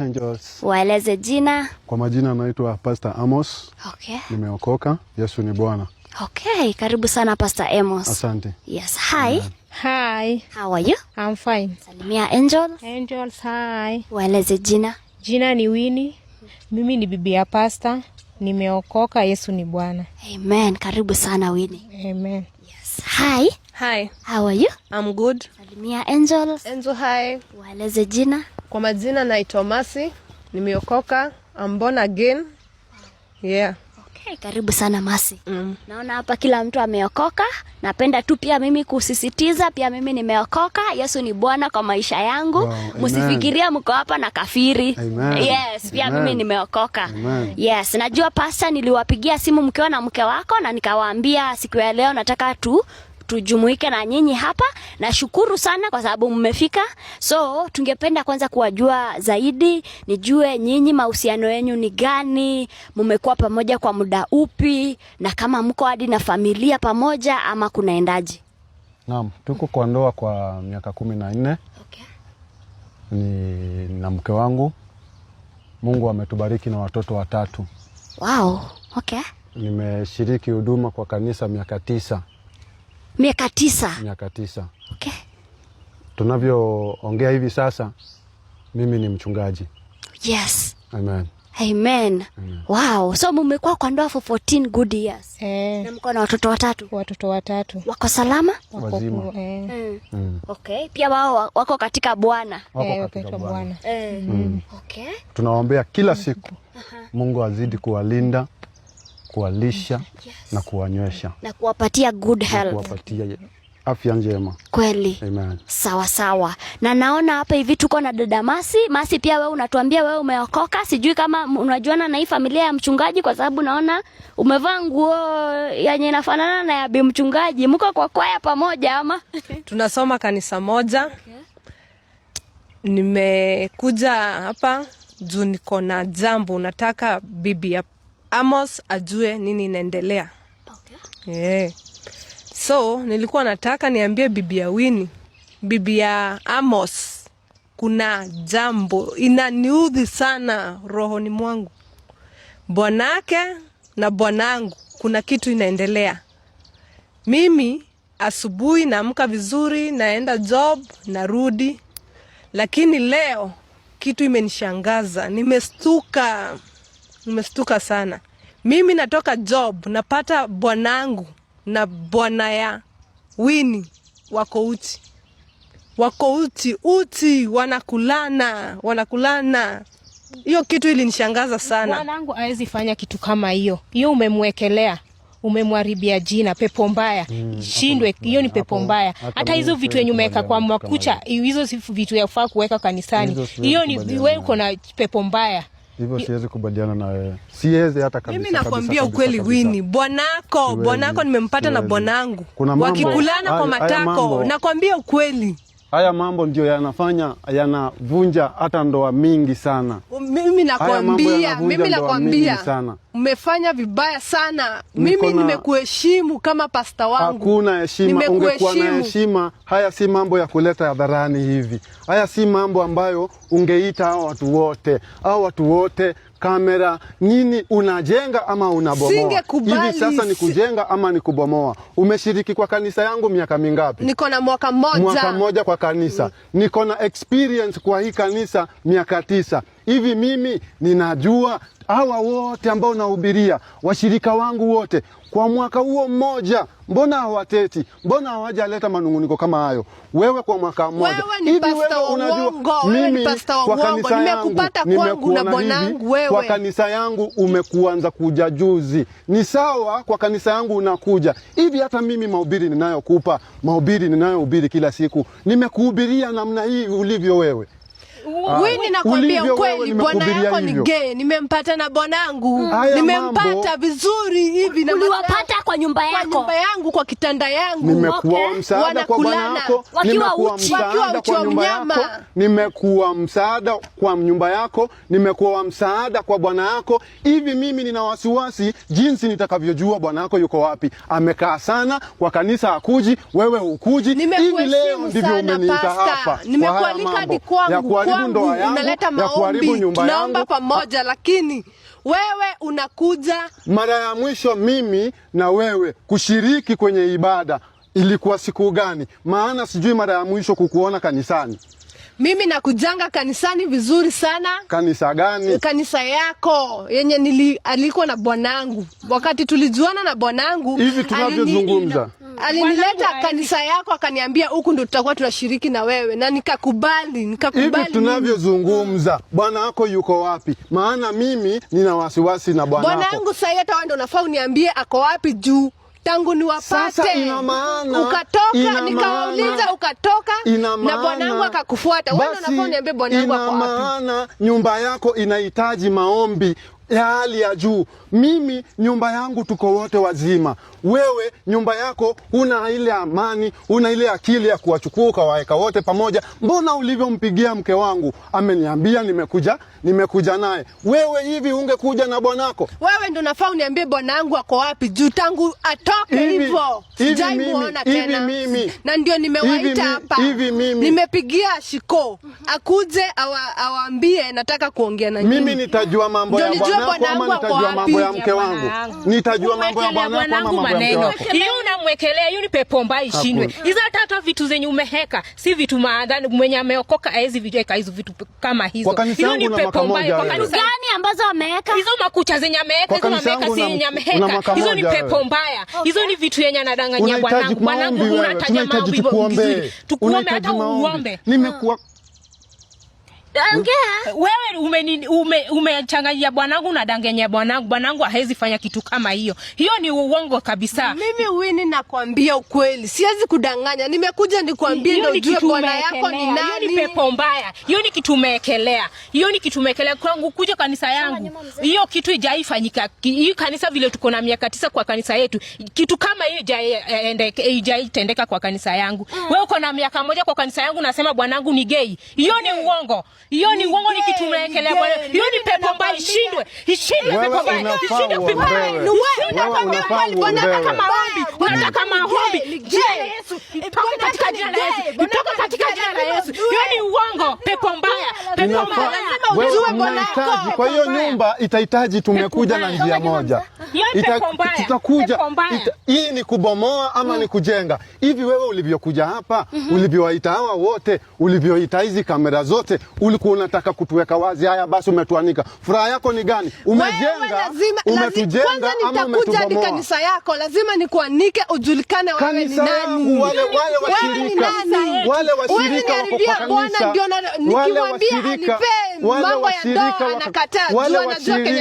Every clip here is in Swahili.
Angels. Waeleze jina. Kwa majina anaitwa Pastor Amos. Okay. Nimeokoka. Yesu ni Bwana. Okay, karibu sana Pastor Amos. Asante. Yes, hi. Hi. How are you? I'm fine. Salimia Angels. Angels, hi. Waeleze jina. Jina ni Winnie. Mimi ni bibi ya pastor. Nimeokoka, Yesu ni Bwana. Amen. Karibu sana Winnie. Amen. Yes. Hi. Hi. How are you? I'm good. Salimia Angels. Angel, hi. Waeleze jina. Kwa majina naitwa Masi, nimeokoka, I'm born again. Yeah. Okay, karibu sana Masi. Mm. Naona hapa kila mtu ameokoka. Napenda tu pia mimi kusisitiza pia mimi nimeokoka. Yesu ni Bwana kwa maisha yangu. Wow, msifikiria mko hapa na kafiri. Amen. Yes, pia Amen. Mimi nimeokoka. Amen. Yes, najua pasta, niliwapigia simu mkiwa na mke wako na nikawaambia siku ya leo nataka tu tujumuike na nyinyi hapa. Nashukuru sana kwa sababu mmefika. So tungependa kwanza kuwajua zaidi, nijue nyinyi mahusiano yenu ni gani, mmekuwa pamoja kwa muda upi, na kama mko hadi na familia pamoja ama kunaendaje? Naam, tuko kwa ndoa kwa miaka kumi na nne. Okay. Ni na mke wangu. Mungu ametubariki wa na watoto watatu. Wow. Okay. Nimeshiriki huduma kwa kanisa miaka tisa miaka tisa. Miaka tisa. Okay. Tunavyoongea hivi sasa mimi ni mchungaji. Yes. Amen. Amen. Amen. Wow. So mmekuwa kwa ndoa for 14 good years. Eh. Na mko na watoto watatu. Watoto watatu. Wako salama? Wako wazima. Eh. eh. Mm. Okay. Pia wao wako katika Bwana. Wako eh, katika Bwana. Eh. Mm. Okay. Tunawaombea kila siku. Uh-huh. Mungu azidi kuwalinda kuwalisha yes. na kuwanywesha na kuwapatia good health, kuwapatia afya njema kweli. Amen. Sawa sawa, na naona hapa hivi tuko na dada Masi. Masi, pia wewe unatuambia wewe umeokoka, sijui kama unajuana na hii familia ya mchungaji, kwa sababu naona umevaa nguo yenye inafanana na ya bi mchungaji. Mko kwa kwaya pamoja ama? Tunasoma kanisa moja. Nimekuja hapa juu niko na jambo, nataka bibi ya Amos ajue nini inaendelea. Okay. Yeah. So nilikuwa nataka niambie bibi ya wini bibi ya Amos, kuna jambo inaniudhi sana rohoni mwangu, bwanake na bwanangu, kuna kitu inaendelea. Mimi asubuhi naamka vizuri, naenda job, narudi, lakini leo kitu imenishangaza, nimestuka. Nimestuka sana. Mimi natoka job, napata bwanangu na bwana ya Wini wako uti, wako uti uti, wanakulana wanakulana. Hiyo kitu ilinishangaza sana. Bwanangu hawezi fanya kitu kama hiyo. Hiyo umemwekelea umemwaribia jina, pepo mbaya. Mm, shindwe hiyo ni pepo mbaya. Hata hizo vitu yenye umeweka kwa makucha, hizo vitu yafaa kuweka kanisani. Hiyo ni wewe uko na pepo mbaya. Hivyo siwezi kubaliana na wewe. Siwezi hata kabisa. Mimi nakwambia ukweli wini bwanako, bwanako nimempata na bwanangu. Wakikulana kwa matako, nakwambia ukweli. Haya mambo ndio yanafanya yanavunja hata ndoa mingi sana. Mimi nakwambia, mimi nakwambia mmefanya vibaya sana. Mimi nimekuheshimu kama pasta wangu. Hakuna heshima, ungekuwa na heshima. Haya si mambo ya kuleta hadharani hivi. Haya si mambo ambayo ungeita hao watu wote, hao watu wote kamera nini, unajenga ama unabomoa? Hivi sasa ni kujenga ama ni kubomoa? Umeshiriki kwa kanisa yangu miaka mingapi? Niko na mwaka mmoja. Mwaka mmoja kwa kanisa mm. Niko na experience kwa hii kanisa miaka tisa hivi, mimi ninajua hawa wote ambao nahubiria, washirika wangu wote, kwa mwaka huo mmoja, mbona hawateti? Mbona hawajaleta manunguniko kama hayo? Wewe kwa mwaka mmoja hivi, wewe unajua mimi kwa kanisa yangu nimekuona hivi, kwa kanisa yangu umekuanza kuja juzi, ni sawa, kwa kanisa yangu unakuja hivi. Hata mimi mahubiri ninayokupa, mahubiri ninayohubiri kila siku, nimekuhubiria namna hii ulivyo wewe Ah, wewe ninakwambia ukweli, bwana yako ni gay. Nimempata na bwanangu, mm. nimempata vizuri hivi na niliwapata kwa nyumba yako, kwa nyumba yangu, kwa kitanda yangu. Nimekuwa msaada kwa bwana yako, nimekuwa msaada kwa nyumba yako, Nimekuwa msaada kwa nyumba yako, nimekuwa msaada kwa bwana yako. Hivi mimi nina wasiwasi jinsi nitakavyojua bwana yako yuko wapi. Amekaa sana kwa kanisa, hakuji, wewe hukuji. Hivi leo ndivyo umeniita hapa, nimekualika hadi kwangu kuharibu ndoa yangu, unaleta maombi, tunaomba pamoja, lakini wewe unakuja. Mara ya mwisho mimi na wewe kushiriki kwenye ibada ilikuwa siku gani? Maana sijui mara ya mwisho kukuona kanisani. Mimi nakujanga kanisani vizuri sana. Kanisa gani? Kanisa yako yenye nili na bwanangu wakati tulijuana na bwanangu. Hivi tunavyozungumza mm. alinileta kanisa yako, akaniambia huku ndo tutakuwa tunashiriki na wewe, na nikakubali, nikakubali. Hivi tunavyozungumza bwana wako yuko wapi? Maana mimi nina wasiwasi na bwana wako. Bwanangu sasa, hata wewe ndo unafaa uniambie ako wapi juu tangu niwapate, ukatoka nikawauliza, ukatoka na bwanangu akakufuata. Wewe unafaa bwanangu ako wapi? Maana nyumba yako inahitaji maombi ya hali ya juu. Mimi nyumba yangu tuko wote wazima. Wewe nyumba yako una ile amani, una ile akili ya kuwachukua ukawaweka wote pamoja. Mbona ulivyompigia mke wangu, ameniambia nimekuja, nimekuja naye. Wewe hivi ungekuja na bwanako? Wewe ndo nafaa uniambie bwana yangu ako wapi, juu tangu atoke hivyo sijaimuona tena. Mimi na ndio nimewaita hapa, nimepigia shiko akuje awaambie, nataka kuongea na nyinyi. Mimi nitajua mambo ya bwanako ama nitajua mambo mambo ya mke wangu, nitajua mambo ya bwana wangu mambo ya mke wangu. Hiyo unamwekelea hiyo ni pepo mbaya ishindwe. Hizo hata vitu zenye umeheka si vitu maadhani, mwenye ameokoka haezi viweka hizo vitu kama hizo. Hiyo ni pepo mbaya. Kwa kanisa gani ambazo ameheka? hizo makucha zenye ameheka, hizo ameweka si yenye ameheka. hizo ni pepo mbaya. Hizo ni vitu yenye anadanganya anadanganyia bwanangu. Bwanangu unataja mambo vizuri, tukuombe hata uombe. Nimekuwa wewe umechanganyia ume bwanangu na danganya bwanangu. Bwanangu hawezi fanya kitu kama hiyo. Hiyo ni uongo kabisa. Mimi wini nakwambia ukweli. Siwezi kudanganya. Nimekuja nikwambie ndio ujue bwana yako ni nani. Hiyo ni pepo mbaya. Hiyo ni kitu umeekelea. Hiyo ni kitu umeekelea kwangu kuja kanisa yangu. Hiyo kitu ijaifanyika. Hii kanisa vile tuko na miaka tisa kwa kanisa yetu. Kitu kama hiyo eh, ijaitendeka kwa kanisa yangu. Mm. Wewe uko na miaka moja kwa kanisa yangu nasema bwanangu ni gay. Hiyo ni uongo hiyo ni uongo, ni unawekelea Bwana. Hiyo ni pepo mbaya, ishindwe. Ishindwe pepo mbaya. Ishindwe pepo mbaya. Unataka maombi, unataka maombi. Je, toka katika jina la Yesu. Toka katika jina la Yesu. Hiyo ni uongo, pepo mbaya. Pepo mbaya lazima ujue Bwana Kwa hiyo nyumba itahitaji tumekuja na njia moja. Tutakuja. Hii ni kubomoa ama ni mm. kujenga? Hivi wewe ulivyokuja hapa, mm-hmm. ulivyowaita hawa wote, ulivyoita hizi kamera zote, ulikuwa unataka kutuweka wazi maradhi haya, basi umetuanika. Furaha yako ni gani? Umejenga, umetujenga ama umetubomoa? Hadi kanisa yako lazima nikuanike, ujulikane wewe ni nani. Wale wale washirika wale washirika wako kwa kanisa, wale washirika wale washirika ya ndoa anakataa, jua anajua Wale washirika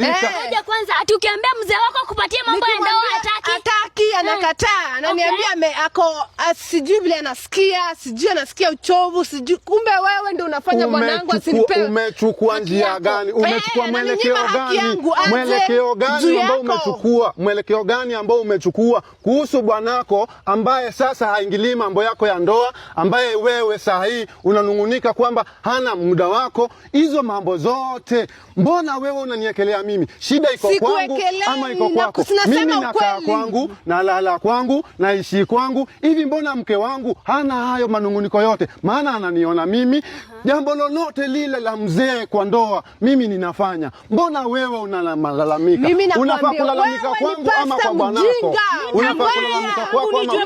moja eh, eh. kwanza, tukiambia mzee wako kupatia mambo ya ndoa hataki, hataki, anakataa, eh, ananiambia ame ako ah, sijui vile anasikia, sijui anasikia uchovu, sijui kumbe wewe ndio unafanya mwanangu yangu Umechukua njia gani? Umechukua eh, mwelekeo gani? Mwelekeo gani ambao umechukua? Mwelekeo gani ambao umechukua kuhusu bwanako ambaye sasa haingilii mambo yako ya ndoa, ambaye wewe saa hii unanung'unika kwamba hana muda wako, hizo mambo zote, mbona wewe unaniekelea mimi? Shida iko kwangu ama iko kwako? Mimi nakaa kwangu, nalala kwangu, naishi kwangu. Hivi mbona mke wangu hana hayo manung'uniko yote? Maana ananiona mimi jambo lolote lolote lile la mzee kwa ndoa mimi ninafanya. Mbona wewe unalalamika? Unafaa kulalamika kwangu ama kwa bwanako? Unafaa kulalamika kwako ama kwa bwanako?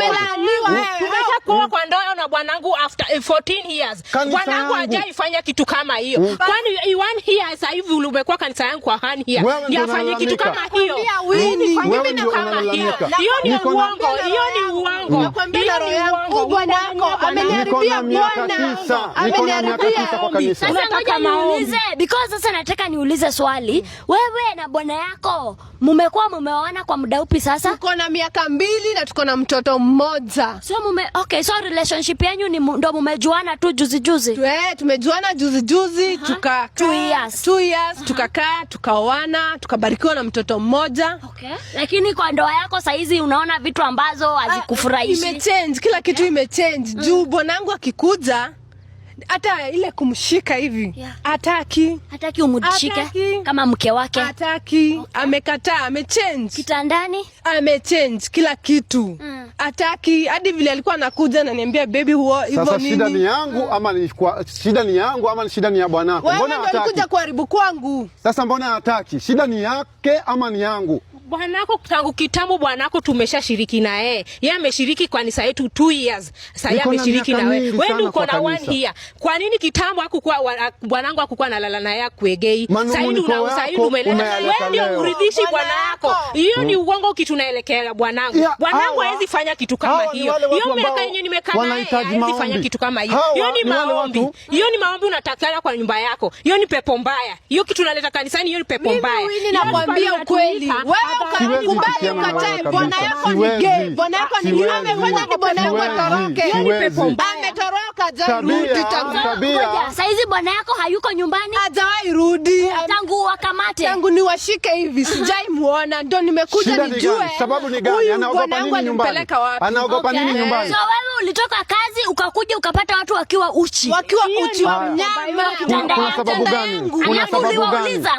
Unataka kuwa kwa ndoa na bwanangu after 14 eh, years. Bwanangu hajaifanya kitu kama hiyo. Mm. Kwani one year sasa hivi umekuwa kanisa yangu kwa hani here. Ndio afanye kitu kama hiyo. Wewe ndio kama Hiyo Hiyo ni uongo. Hiyo ni uongo. Nakwambia roho yangu bwanako ameniharibia bwana. Ameniharibia kwa kanisa because sasa nataka niulize swali. Wewe na bwana yako mumekuwa mumeoana kwa muda upi sasa? Tuko na miaka mbili na tuko na mtoto mmoja. So mume, okay, so relationship yenyu ni ndo mumejuana tu juzi juzi? Eh, tumejuana juzi juzi, tuka two years. Two years, tukakaa, tukaoana, tukabarikiwa na mtoto mmoja. Okay. Lakini kwa ndoa yako sahizi hizi unaona vitu ambazo hazikufurahishi. Imechange, kila kitu imechange. Mm. Juu bwanangu akikuja hata ile kumshika hivi yeah. Hataki, hataki umshike kama mke wake hataki. Okay. Amekataa, amechange kitandani, amechange kila kitu mm. Hataki hadi vile alikuwa anakuja ananiambia baby, huo hivyo nini? Sasa shida ni yangu mm. ama ni kwa shida ni yangu ama ni shida ni ya bwanako? Mbona hataki kuja kuharibu kwangu? Sasa mbona hataki? Shida ni yake ama ni yangu? bwanako tangu kitambo, bwanako tumeshashiriki na yeye. Yeye ameshiriki kanisa yetu 2 years, sasa yeye ameshiriki na wewe. Wewe ndio uko na 1 year. Kwa nini kitambo hakukua bwanangu hakukuwa analala na yeye kuegei? Sasa hivi una sasa hivi umeleta wewe ndio mridhishi bwanako. Hiyo ni hmm. uongo, kitunaelekea bwanangu. Bwanangu hawezi fanya kitu kama hiyo. Hiyo miaka yenyewe nimekaa na yeye hawezi fanya kitu kama hiyo. Hiyo ni maombi. Hiyo ni maombi unatakana kwa nyumba yako. Hiyo ni pepo mbaya. Hiyo kitu unaleta kanisani, hiyo ni pepo mbaya. Mimi nakwambia ukweli. Wewe Bwana yako bwana yako hayuko nyumbani, hajawahi rudi tangu wakamate, tangu niwashike hivi sijai muona, ndio nimekuja nijue sababu ni gani, anaogopa nini nyumbani, anaogopa nini nyumbani? So wewe ulitoka kazi ukakuja ukapata watu wakiwa uchi, wakiwa uchi wa mnyama. Kuna sababu gani?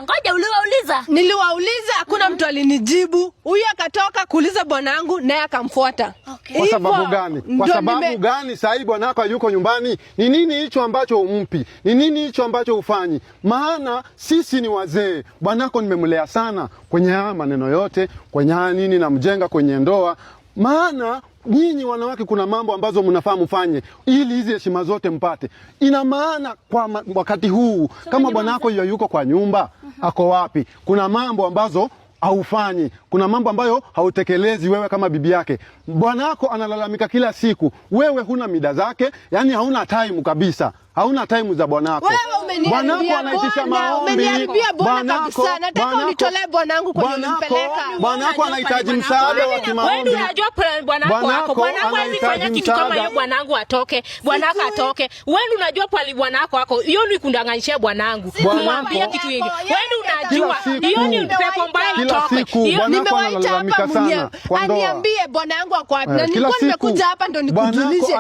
Ngoja uliwauliza? Niliwauliza, hakuna mm-hmm. mtu alinijia kujibu, huyu akatoka kuuliza bwana yangu naye akamfuata. Okay. Kwa sababu gani? Kwa sababu nime... gani saa hii bwana yako yuko nyumbani? Ni nini hicho ambacho umpi? Ni nini hicho ambacho ufanyi? Maana sisi ni wazee. Bwana yako nimemlea sana kwenye haya maneno yote, kwenye haya nini namjenga kwenye ndoa. Maana nyinyi wanawake kuna mambo ambazo mnafaa mfanye ili hizi heshima zote mpate. Ina maana kwa ma, wakati huu so kama bwana yako yuko kwa nyumba, uh -huh. Ako wapi? Kuna mambo ambazo haufanyi, kuna mambo ambayo hautekelezi wewe kama bibi yake. Bwana wako analalamika kila siku, wewe huna mida zake, yani hauna time kabisa. Hauna time za bwanako. Bwanako anaitisha maombi. Bwanako nataka unitolee bwanangu kwenye nimpeleka. Bwanako anahitaji msaada wa kimaombi. Wewe unajua plan bwanako wako. Bwanako hawezi fanya kitu kama hiyo bwanangu atoke. Bwanako atoke. Wewe unajua pale bwanako wako. Hiyo ni kundanganyishia bwanangu. Kumwambia kitu hiki. Wewe unajua hiyo ni pepo mbaya itoke. Nimewaita hapa sana. Aniambie bwanangu ako wapi. Eh, na nilikuwa nimekuja hapa ndo nikujulishe.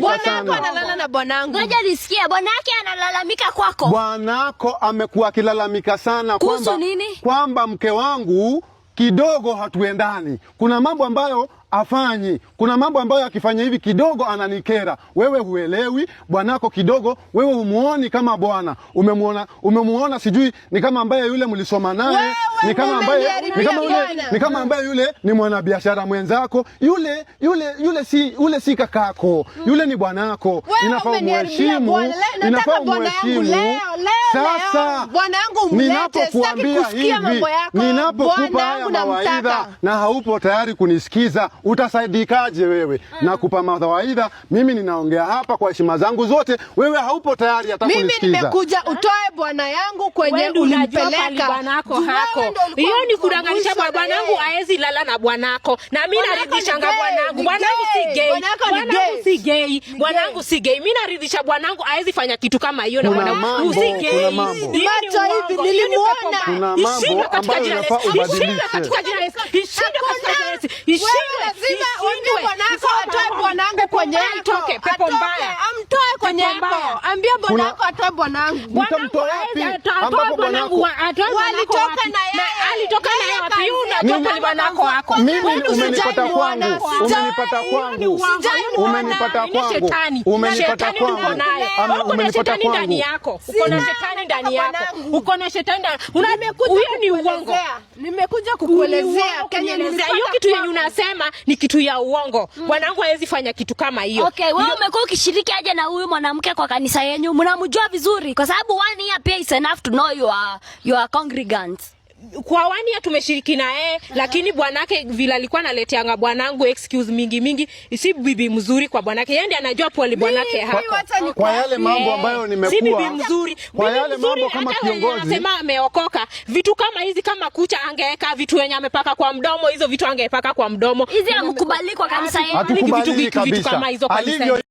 Bwanako analala na bwanangu. Ngoja nisikie. Sikia, bwanake analalamika kwako. Bwanako amekuwa akilalamika sana kwamba, kwamba mke wangu kidogo hatuendani, kuna mambo ambayo afanye. Kuna mambo ambayo akifanya hivi kidogo ananikera, wewe huelewi bwanako kidogo, wewe humuoni kama bwana, umemuona umemuona sijui ni kama ambaye yule mlisoma naye ni kama ambaye ni kama yule ni kama ambaye yule ni mwanabiashara mwenzako yule yule yule si yule si kakako yule ni bwanako, inafaa umheshimu, inafaa umheshimu. Sasa ninapokuambia hivi, ninapokupa haya mawaidha na haupo tayari kunisikiza utasaidikaje wewe? na mm. kupa mawaidha, mimi ninaongea hapa kwa heshima zangu zote, wewe haupo tayari hata kunisikiza. Mimi nimekuja utoe bwana yangu kwenye ulimpeleka bwanako hako, hiyo ni kudanganisha. kwa Bwanangu aezi lala na bwanako, na mimi naridhisha bwanangu. Bwanangu si gay, bwanangu si gay, bwanangu si gay. Mimi naridhisha bwanangu, aezi fanya kitu kama hiyo na bwanangu si gay. Macho hivi nilimuona, ishinda katika jina la Yesu, ishinda katika jina la Yesu, ishinda katika jina la Yesu, ishinda lazima uambie bwanako atoe bwanangu kwenye atoke pepo mbaya. Amtoe kwenye hapo. Ambia bwanako atoe bwanangu. wapi ambapo bwanangu atoe bwanangu. alitoka na yeye. Alitoka na yeye wapi? mimi umenipata kwangu, umenipata kwangu, umenipata kwangu, umenipata kwangu, umenipata kwangu. Uko na shetani ndani yako, uko na shetani ndani. Huyo ni uongo. Nimekuja kukuelezea Kenya, hiyo kitu yenye unasema ni kitu ya uongo. Mm. wanangu hawezi fanya kitu kama hiyo. Okay, wewe umekuwa ukishiriki aje na huyu mwanamke kwa kanisa yenu? Mnamjua vizuri, kwa sababu one year pay is enough to know your your congregants kwa wani ya tumeshiriki na yeye lakini bwanake vile alikuwa analeteanga bwanangu excuse mingi mingi, si bibi mzuri kwa bwanake. Yeye ndiye anajua pole bwanake hako kwa yale mambo ambayo nimekuwa, si bibi mzuri kwa yale mambo kama kiongozi anasema ameokoka. Vitu kama hizi kama kucha angeweka vitu yenye amepaka kwa mdomo, hizo vitu angepaka kwa mdomo. Hizi hakukubali kwa kanisa yetu, vitu vitu kama hizo kwa kanisa